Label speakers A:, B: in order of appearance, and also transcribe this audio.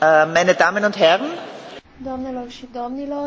A: Äh, meine Damen und Herren,
B: Doamnelor și domnilor,